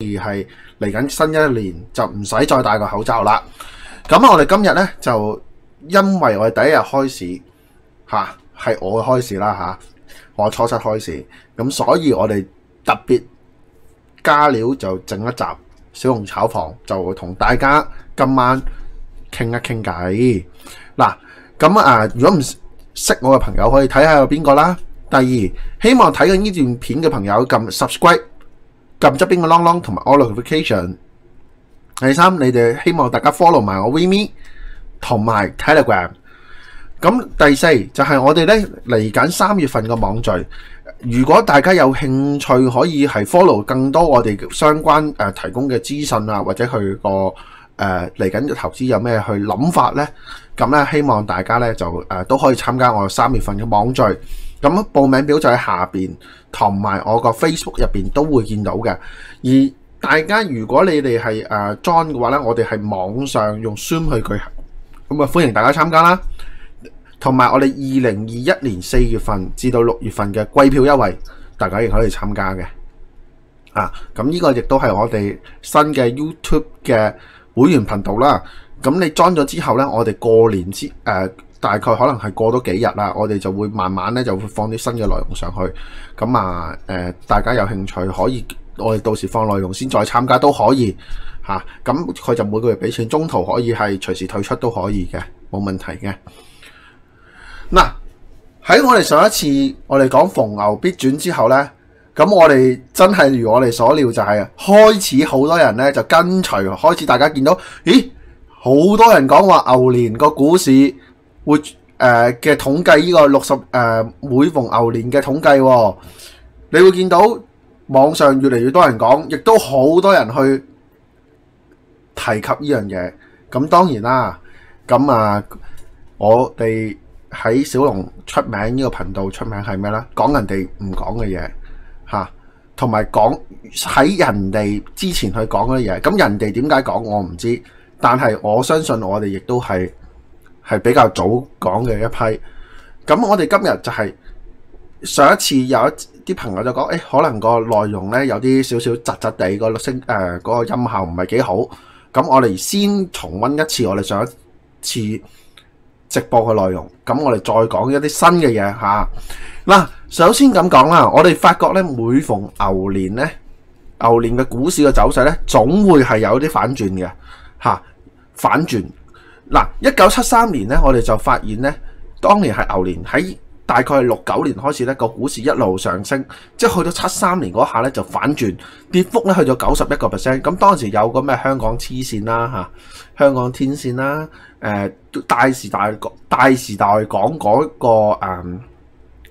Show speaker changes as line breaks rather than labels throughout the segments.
而係嚟緊新一年就唔使再戴個口罩啦。咁我哋今日呢，就因為我哋第一日開市，吓，係我開市啦吓，我初七開市。咁所以我哋特別加料就整一集小紅炒房，就同大家今晚傾一傾偈。嗱。咁啊，如果唔識我嘅朋友可以睇下有邊個啦。第二，希望睇緊呢段片嘅朋友撳 subscribe。撳側邊個 long long 同埋 all notification。第三，你哋希望大家 follow 埋我 WeeMe 同埋 Telegram。咁第四就係我哋呢嚟緊三月份嘅網聚，如果大家有興趣，可以係 follow 更多我哋相關誒提供嘅資訊啊，或者去個誒嚟緊嘅投資有咩去諗法呢？咁呢，希望大家呢就、呃、都可以參加我三月份嘅網聚。咁報名表就喺下面，同埋我個 Facebook 入面都會見到嘅。而大家如果你哋係誒 join 嘅話呢，我哋係網上用 Zoom 去舉行，咁啊歡迎大家參加啦。同埋我哋二零二一年四月份至到六月份嘅季票優惠，大家亦可以參加嘅。啊，咁呢個亦都係我哋新嘅 YouTube 嘅會員頻道啦。咁你 join 咗之後呢，我哋過年之誒。呃大概可能係過多幾日啦，我哋就會慢慢咧就會放啲新嘅內容上去咁啊、呃。大家有興趣可以，我哋到時放內容先再參加都可以吓咁佢、啊、就每個月俾錢，中途可以係隨時退出都可以嘅，冇問題嘅。嗱、啊、喺我哋上一次我哋講逢牛必轉之後呢，咁我哋真係如我哋所料就係開始好多人呢就跟隨開始，大家見到咦，好多人講話牛年個股市。會嘅、呃、統計呢個六十、呃、每逢牛年嘅統計、哦，你會見到網上越嚟越多人講，亦都好多人去提及呢樣嘢。咁當然啦，咁啊，我哋喺小龍出名呢個頻道出名係咩啦？講人哋唔講嘅嘢吓，同埋講喺人哋之前去講嘅啲嘢。咁人哋點解講我唔知，但係我相信我哋亦都係，係比較早講嘅一批，咁我哋今日就係上一次有一啲朋友就講，誒、欸、可能個內容呢有啲少少窒窒地，個聲誒嗰、呃那個、音效唔係幾好，咁我哋先重温一次我哋上一次直播嘅內容，咁我哋再講一啲新嘅嘢嚇。嗱、啊，首先咁講啦，我哋發覺呢，每逢牛年呢，牛年嘅股市嘅走勢呢，總會係有啲反轉嘅嚇、啊，反轉。嗱，一九七三年咧，我哋就發現咧，當年係牛年，喺大概六九年開始咧，個股市一路上升，即係去到七三年嗰下咧就反轉，跌幅咧去到九十一個 percent。咁當時有個咩香港黐線啦嚇，香港天線啦，誒大時代講大時代講嗰個誒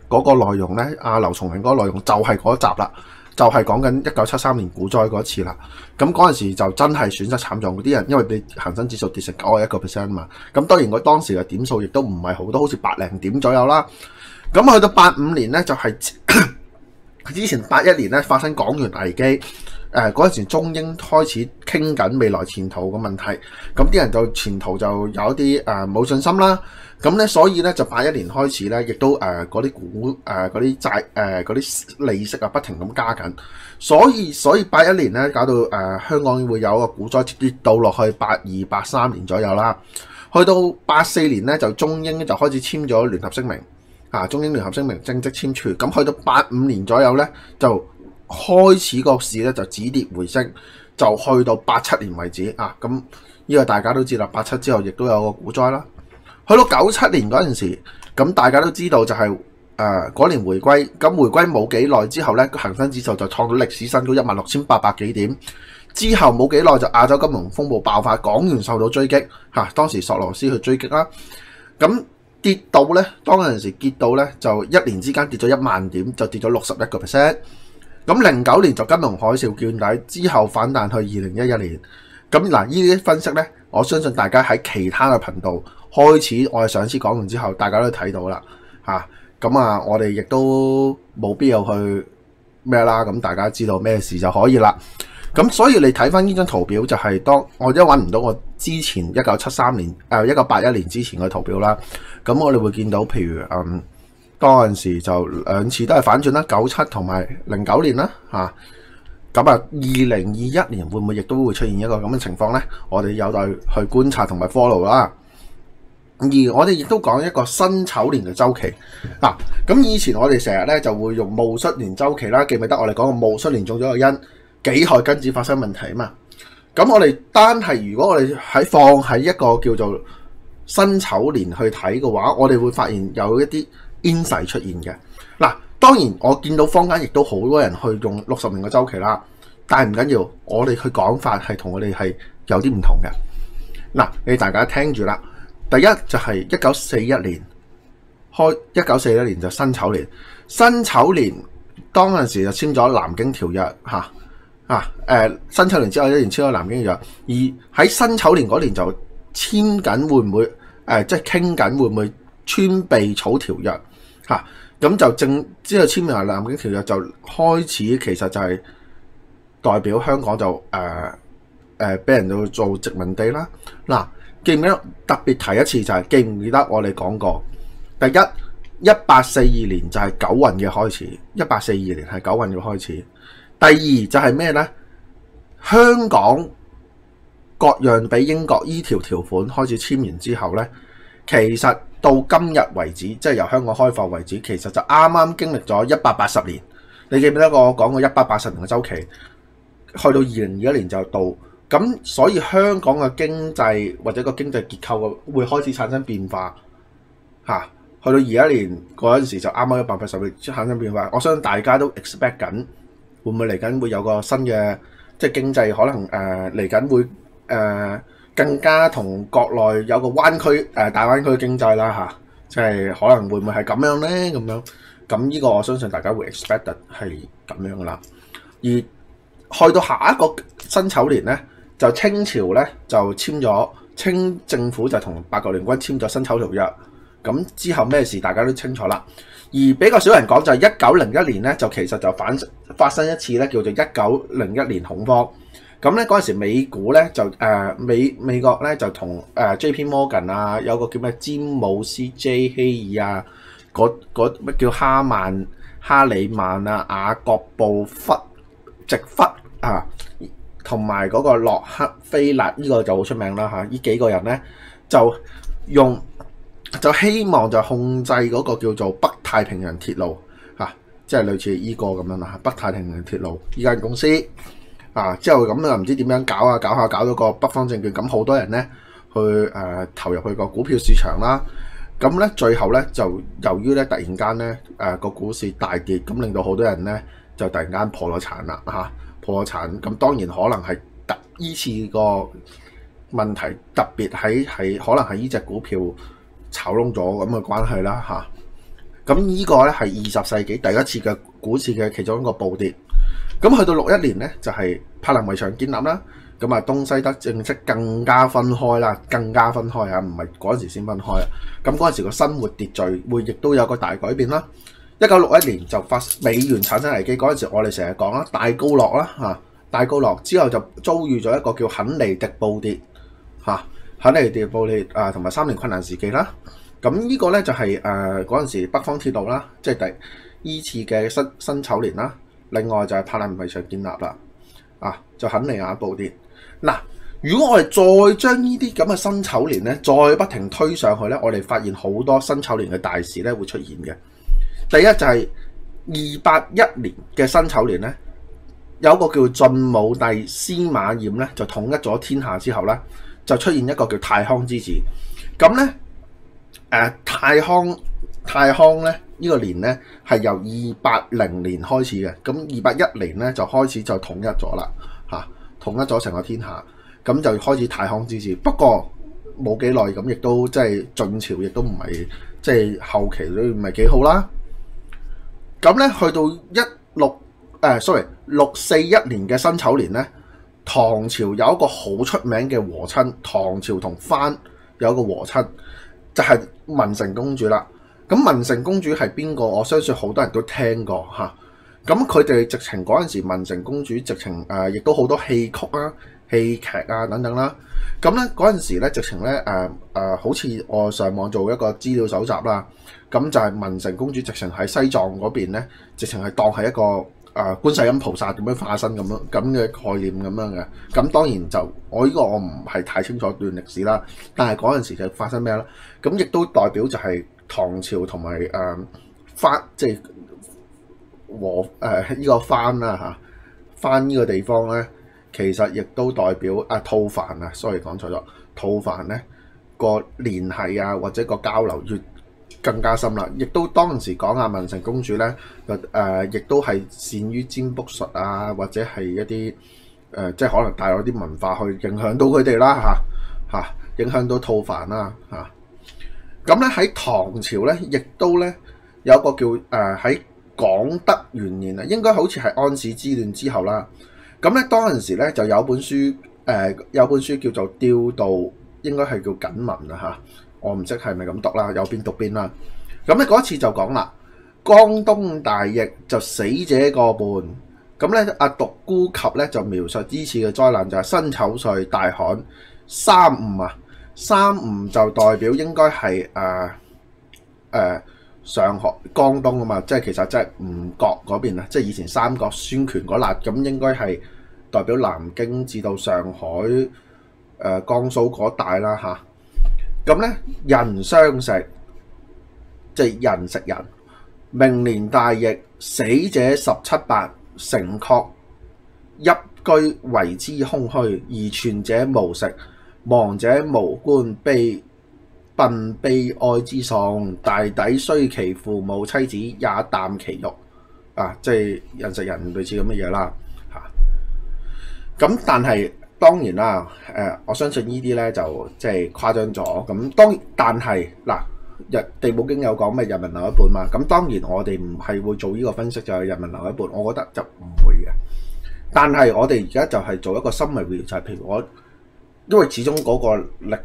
嗰個內容咧，阿劉松仁嗰個內容就係嗰集啦。就係講緊一九七三年股災嗰一次啦，咁嗰陣時就真係損失慘重，啲人因為你恒生指數跌成九啊一個 percent 嘛，咁當然佢當時嘅點數亦都唔係好多，好似八零點左右啦，咁去到八五年呢，就係、是，之前八一年呢，發生港元危機。誒嗰陣時，中英開始傾緊未來前途嘅問題，咁啲人就前途就有一啲誒冇信心啦。咁咧，所以咧就八一年開始咧，亦都誒嗰啲股誒嗰啲債誒嗰啲利息啊，不停咁加緊。所以所以八一年咧搞到誒、呃、香港會有一個股災直跌到落去八二八三年左右啦。去到八四年咧，就中英咧就開始簽咗聯合聲明啊，中英聯合聲明正式簽署。咁去到八五年左右咧就。開始個市咧就止跌回升，就去到八七年為止啊。咁呢個大家都知啦。八七之後亦都有個股災啦。去到九七年嗰陣時，咁大家都知道就係誒嗰年回歸。咁回歸冇幾耐之後咧，個恆生指數就創到歷史新高一萬六千八百幾點。之後冇幾耐就亞洲金融風暴爆發，港元受到追擊吓、啊，當時索羅斯去追擊啦。咁跌到咧，當嗰陣時跌到咧，就一年之間跌咗一萬點，就跌咗六十一個 percent。咁零九年就金融海嘯見底之後反彈去二零一一年，咁嗱呢啲分析呢，我相信大家喺其他嘅頻道開始，我哋上次講完之後，大家都睇到啦吓。咁啊，我哋亦都冇必要去咩啦，咁大家知道咩事就可以啦。咁所以你睇翻呢張圖表就係、是、當我一揾唔到我之前一九七三年誒一九八一年之前嘅圖表啦。咁我哋會見到譬如嗯。嗰陣時就兩次都係反轉啦，九七同埋零九年啦咁啊。二零二一年會唔會亦都會出現一個咁嘅情況呢？我哋有待去觀察同埋 follow 啦。而我哋亦都講一個辛丑年嘅周期嗱。咁、啊、以前我哋成日咧就會用戊戌年周期啦，記唔記得我哋講過戊戌年中咗個因己亥庚子發生問題啊嘛。咁我哋單係如果我哋喺放喺一個叫做辛丑年去睇嘅話，我哋會發現有一啲。轉勢出現嘅嗱，當然我見到坊間亦都好多人去用六十年嘅周期啦，但係唔緊要，我哋嘅講法係同佢哋係有啲唔同嘅嗱。你大家聽住啦，第一就係一九四一年開，一九四一年就是辛丑年，辛丑年當陣時就簽咗南京條約吓，啊誒，辛丑年之後一年簽咗南京條約，而喺辛丑年嗰年就簽緊會唔會誒，即係傾緊會唔會穿鼻草條約？咁、啊、就正之後簽埋《南京條約》，就開始其實就係代表香港就誒誒俾人做做殖民地啦。嗱、啊，記唔記得特別提一次就係、是、記唔記得我哋講過？第一，一八四二年就係九運嘅開始，一八四二年係九運嘅開始。第二就係咩呢？香港各樣俾英國依條條款開始簽完之後呢，其實。到今日為止，即係由香港開埠為止，其實就啱啱經歷咗一百八十年。你記唔記得我講過一百八十年嘅周期，去到二零二一年就到。咁所以香港嘅經濟或者個經濟結構嘅會開始產生變化。嚇，去到二一年嗰陣時候就啱啱一百八十年產生變化。我相信大家都 expect 緊，會唔會嚟緊會有個新嘅即係經濟可能誒嚟緊會誒。呃更加同國內有個灣區，誒、呃、大灣區的經濟啦嚇，即、啊、係、就是、可能會唔會係咁樣呢？咁樣，咁依個我相信大家會 expect 到係咁樣噶啦。而去到下一個辛丑年呢，就清朝呢，就簽咗清政府就同八國聯軍簽咗辛丑條約。咁之後咩事大家都清楚啦。而比較少人講就係一九零一年呢，就其實就反發生一次呢，叫做一九零一年恐慌。咁咧嗰陣時，美股咧就誒美美國咧就同誒 J.P. Morgan 啊，有個叫咩詹姆斯 J 希爾啊，嗰嗰叫哈曼哈里曼啊，雅各布弗直弗啊，同埋嗰個洛克菲勒呢、呢個就好出名啦嚇，呢、啊、幾個人咧就用就希望就控制嗰個叫做北太平洋鐵路嚇、啊，即係類似呢個咁樣啦嚇，北太平洋鐵路呢間公司。啊！之後咁啊，唔知點樣搞啊，搞下、啊、搞到個北方證券咁，好多人咧去誒、呃、投入去個股票市場啦。咁、啊、咧最後咧就由於咧突然間咧誒個股市大跌，咁令到好多人咧就突然間破咗產啦嚇，破咗產。咁、啊、當然可能係特呢次個問題特別喺喺可能係呢隻股票炒窿咗咁嘅關係啦嚇。咁、啊、呢個咧係二十世紀第一次嘅股市嘅其中一個暴跌。咁去到六一年咧，就係柏林圍牆建立啦。咁啊，東西德正式更加分開啦，更加分開啊，唔係嗰陣時先分開啊。咁嗰陣時個生活秩序會亦都有個大改變啦。一九六一年就發美元產生危機，嗰陣時我哋成日講啦，戴高樂啦嚇，戴高樂之後就遭遇咗一個叫肯尼迪暴跌嚇，肯尼迪暴跌啊，同埋三年困難時期啦。咁呢個咧就係誒嗰陣時北方鐵道啦，即係第依次嘅辛辛丑年啦。另外就係柏林圍牆建立啦，啊，就肯尼亞布電嗱，啊。如果我哋再將呢啲咁嘅新丑年咧，再不停推上去咧，我哋發現好多新丑年嘅大事咧會出現嘅。第一就係二八一年嘅新丑年咧，有個叫晉武帝司馬炎咧，就統一咗天下之後咧，就出現一個叫太康之治。咁咧，誒、呃、太康，太康咧。呢、這個年呢，係由二八零年開始嘅，咁二八一年呢，就開始就統一咗啦，嚇統一咗成個天下，咁就開始太康之治。不過冇幾耐，咁亦都即係晉朝，亦都唔係即係後期都唔係幾好啦。咁呢，去到一六誒、呃、sorry，六四一年嘅辛丑年呢，唐朝有一個好出名嘅和親，唐朝同番有一個和親，就係、是、文成公主啦。咁文成公主係邊個？我相信好多人都聽過。咁佢哋直情嗰陣時，文成公主直情誒，亦都好多戲曲啊、戲劇啊等等啦。咁咧嗰陣時咧，直情咧誒，好似我上網做一個資料搜集啦。咁就係文成公主直情喺西藏嗰邊咧，直情係當係一個誒，觀世音菩薩點樣化身咁樣咁嘅概念咁樣嘅。咁當然就我呢個我唔係太清楚段歷史啦。但係嗰陣時就發生咩啦？咁亦都代表就係、是。唐朝同埋誒翻，即係和誒呢個番啊嚇，番呢個地方咧，其實亦都代表啊吐蕃啊，所以講錯咗吐蕃咧個聯繫啊，或者個交流越更加深啦。亦都當時講啊，文成公主咧，亦都係善於占卜術啊，或者係一啲、呃、即係可能帶有啲文化去影響到佢哋啦嚇嚇，影響到吐蕃啦嚇。啊咁咧喺唐朝咧，亦都咧有個叫呃、喺廣德元年啊，應該好似係安史之亂之後啦。咁咧當陣時咧就有本書、呃、有本書叫做《調度》，應該係叫《緊文》啊嚇，我唔識係咪咁讀啦，有邊讀邊啦。咁咧嗰次就講啦，江東大疫就死者過半。咁咧阿獨孤及咧就描述呢次嘅災難就係、是、辛丑歲大旱三五啊。三吳就代表應該係誒誒上海江東啊嘛，即係其實即係吳國嗰邊啊，即係以前三國孫權嗰粒，咁應該係代表南京至到上海誒、呃、江蘇嗰帶啦吓，咁、啊、咧人相食，即係人食人。明年大疫，死者十七八，城廓一居為之空虛，而存者無食。亡者無棺，悲殞悲哀之喪，大抵雖其父母妻子，也啖其肉。啊，即係人食人類似咁嘅嘢啦。吓，咁但係當然啦，誒，我相信呢啲咧就即係誇張咗。咁當但係嗱，《地母經》有講咩？人民留一半嘛。咁當然我哋唔係會做呢個分析就係人民留一半。我覺得就唔會嘅。但係我哋而家就係做一個心理會，就係譬如我。因為始終嗰個力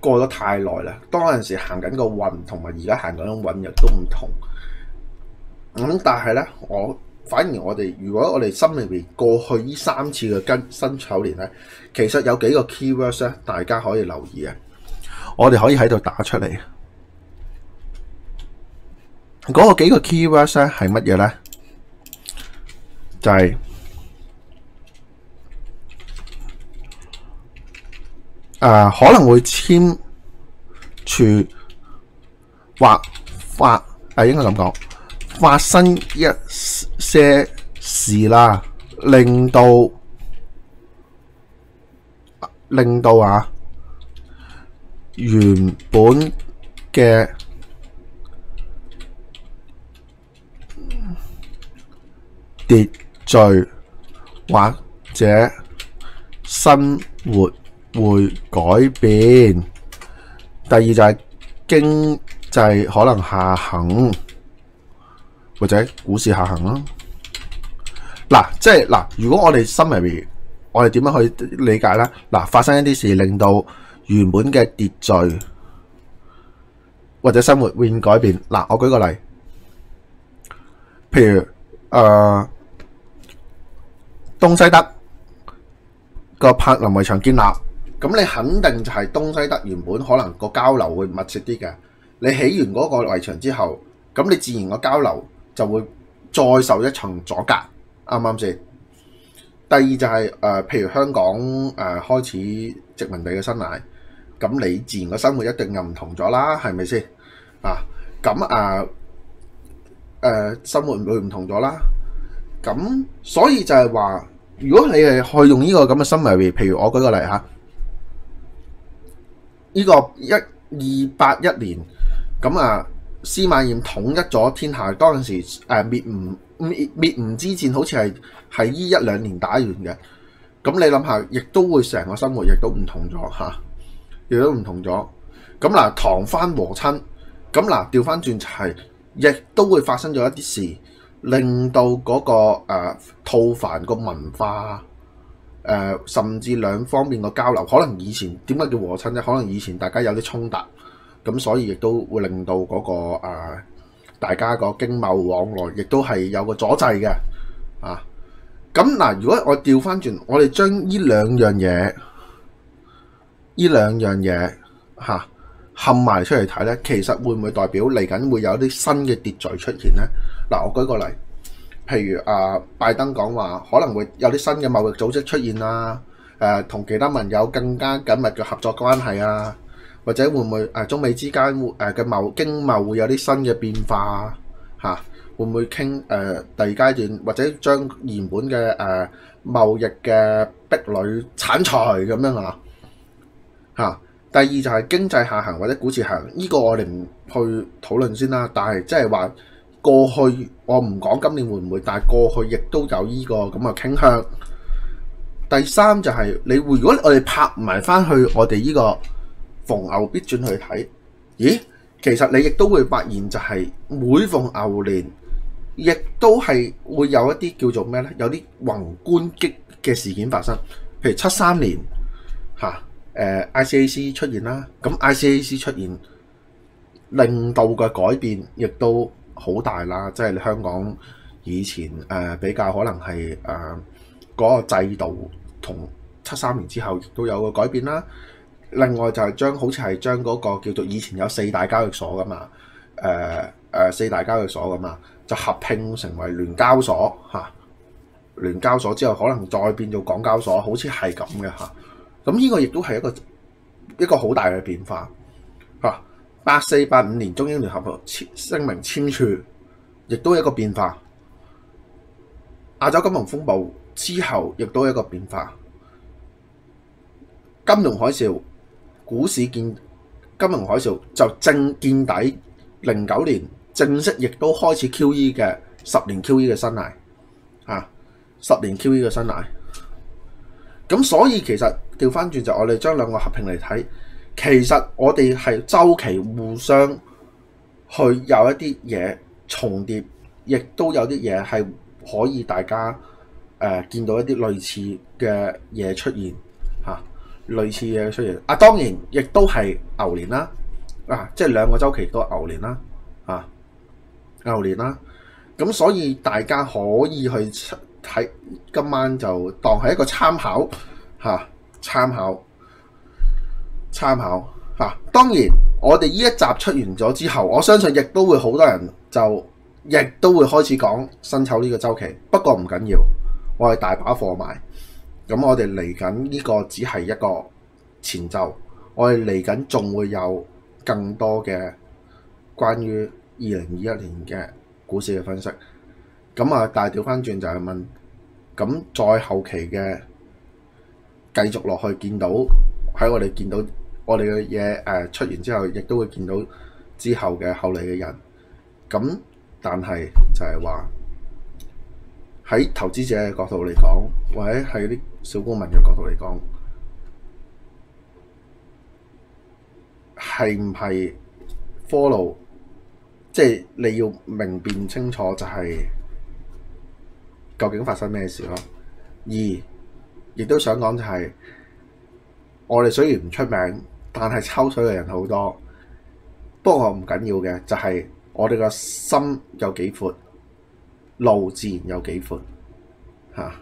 過咗太耐啦，當陣時行緊個運同埋而家行緊種運亦都唔同。咁但係呢，我反而我哋如果我哋心裏面過去呢三次嘅庚辛丑年咧，其實有幾個 keywords 咧，大家可以留意啊。我哋可以喺度打出嚟。嗰個幾個 keywords 咧係乜嘢呢？就係。誒可能會簽署或發誒應該咁講，發生一些事啦，令到令到啊，原本嘅秩序或者生活會改變。第二就係經濟可能下行，或者股市下行啦。嗱、啊，即係嗱、啊，如果我哋心入面，我哋點樣去理解呢？嗱、啊，發生一啲事，令到原本嘅秩序或者生活會改變。嗱、啊，我舉個例，譬如誒、啊、東西德個柏林圍牆建立。咁你肯定就係東西德原本可能個交流會密切啲嘅。你起完嗰個圍牆之後，咁你自然個交流就會再受一層阻隔。啱唔啱先？第二就係誒，譬如香港誒開始殖民地嘅生涯，咁你自然個生活一定又唔同咗啦，係咪先？啊，咁啊誒生活會唔同咗啦。咁所以就係話，如果你係去用呢個咁嘅心嚟，譬如我舉個例嚇。呢、這個一二八一年咁啊，司馬炎統一咗天下，當時誒、啊、滅吳滅滅吳之戰好似係係呢一,一兩年打完嘅，咁你諗下，亦都會成個生活亦都唔同咗嚇，亦、啊、都唔同咗。咁、啊、嗱，唐蕃和親，咁嗱調翻轉就係、是、亦都會發生咗一啲事，令到嗰、那個誒吐蕃個文化。呃、甚至兩方面嘅交流，可能以前點解叫和親呢？可能以前大家有啲衝突，咁所以亦都會令到嗰、嗰個、呃、大家個經貿往來亦都係有個阻滯嘅。咁、啊、嗱、啊，如果我調翻轉，我哋將呢兩樣嘢，呢兩樣嘢嚇冚埋出嚟睇呢，其實會唔會代表嚟緊會有啲新嘅秩序出現呢？嗱、啊，我舉個例。譬如啊，拜登講話可能會有啲新嘅貿易組織出現啊，誒同其他盟友更加緊密嘅合作關係啊，或者會唔會誒中美之間誒嘅貿經貿會有啲新嘅變化啊？嚇、啊，會唔會傾誒、啊、第二階段，或者將原本嘅誒、啊、貿易嘅壁壘剷除咁樣啊？嚇、啊，第二就係經濟下行或者股市行，呢、呢個我哋唔去討論先啦，但係即係話。過去我唔講今年會唔會，但係過去亦都有呢個咁嘅傾向。第三就係你會，如果你我哋拍埋翻去我哋呢個逢牛必轉去睇，咦？其實你亦都會發現就係每逢牛年，亦都係會有一啲叫做咩呢？有啲宏觀級嘅事件發生，譬如七三年吓 I C A C 出現啦，咁 I C A C 出現令到嘅改變，亦都。好大啦，即係香港以前、呃、比較可能係嗰、呃嗰個制度同七三年之後都有個改變啦。另外就係將好似係將嗰個叫做以前有四大交易所噶嘛、呃呃，四大交易所噶嘛，就合併成為聯交所嚇、啊。聯交所之後可能再變做港交所，好似係咁嘅嚇。咁、啊、呢個亦都係一個一個好大嘅變化。八四八五年中英聯合聲明簽署，亦都有一個變化。亞洲金融風暴之後，亦都有一個變化。金融海嘯、股市見金融海嘯就正見底。零九年正式亦都開始 QE 嘅十年 QE 嘅新嚟，嚇十年 QE 嘅新嚟。咁所以其實調翻轉就我哋將兩個合併嚟睇。其實我哋係週期互相去有一啲嘢重疊，亦都有啲嘢係可以大家誒、呃、見到一啲類似嘅嘢出現嚇、啊，類似嘅嘢出現啊。當然亦都係牛年啦，啊，即係兩個週期都係牛年啦，啊，牛年啦。咁、啊、所以大家可以去睇今晚就當係一個參考嚇、啊，參考。參考嚇、啊，當然我哋呢一集出完咗之後，我相信亦都會好多人就亦都會開始講辛丑呢個週期。不過唔緊要，我係大把貨賣。咁我哋嚟緊呢個只係一個前奏，我哋嚟緊仲會有更多嘅關於二零二一年嘅股市嘅分析。咁啊，大系調翻轉就係問，咁再後期嘅繼續落去見到喺我哋見到。在我我哋嘅嘢誒出完之後，亦都會見到之後嘅後嚟嘅人。咁，但係就係話喺投資者嘅角度嚟講，或者喺啲小股民嘅角度嚟講，係唔係 follow？即係你要明辨清楚，就係究竟發生咩事咯。二亦都想講就係我哋雖然唔出名。但係抽水嘅人好多，不過唔緊要嘅就係我哋個心有幾闊，路自然有幾闊吓。